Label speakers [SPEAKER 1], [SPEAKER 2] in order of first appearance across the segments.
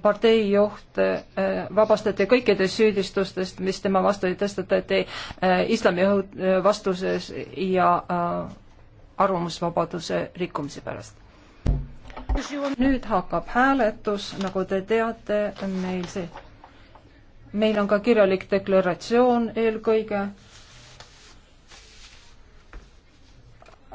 [SPEAKER 1] partei juht äh, vabastati kõikidest süüdistustest, mis tema vastu tõstatati äh, islami äh, vastuses ja arvamusvabaduse rikkumise pärast. nüüd hakkab hääletus, nagu te teate, meil see, meil on ka kirjalik deklaratsioon eelkõige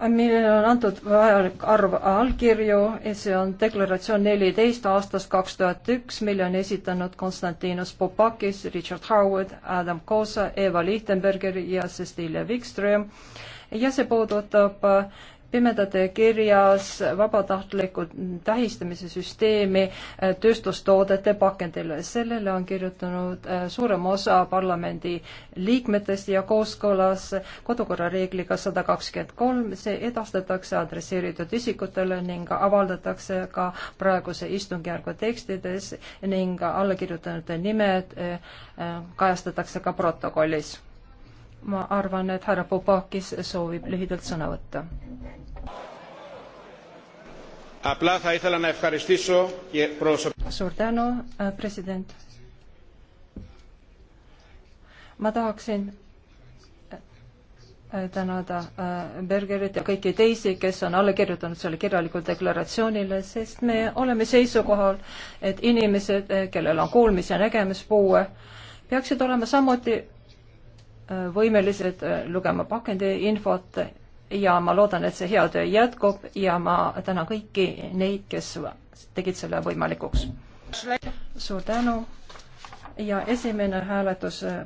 [SPEAKER 1] millele on antud vajalik arv allkirju, see on deklaratsioon neliteist aastast kaks tuhat üks, mille on esitanud Konstantinos Popakis, Richard Howard, Adam Kosa, Eva Lichtenberger ja Cecilia Wikström ja see puudutab pimedate kirjas vabatahtliku tähistamise süsteemi äh, tööstustoodete pakendile. sellele on kirjutanud äh, suurem osa parlamendi liikmetest ja kooskõlas kodukorrareegliga sada kakskümmend kolm, see edastatakse adresseeritud isikutele ning avaldatakse ka praeguse istungjärgu tekstides ning allakirjutanute nimed äh, kajastatakse ka protokollis ma arvan, et härra Popakis soovib lühidalt sõna võtta. suur tänu, äh, president. ma tahaksin äh, tänada äh, Bergerit ja kõiki teisi, kes on alla kirjutanud selle kirjalikule deklaratsioonile, sest me oleme seisukohal, et inimesed, kellel on kuulmis- ja nägemispuue, peaksid olema samuti võimelised äh, lugema pakendiinfot ja ma loodan, et see hea töö jätkub ja ma tänan kõiki neid, kes tegid selle võimalikuks. suur tänu ja esimene hääletus äh,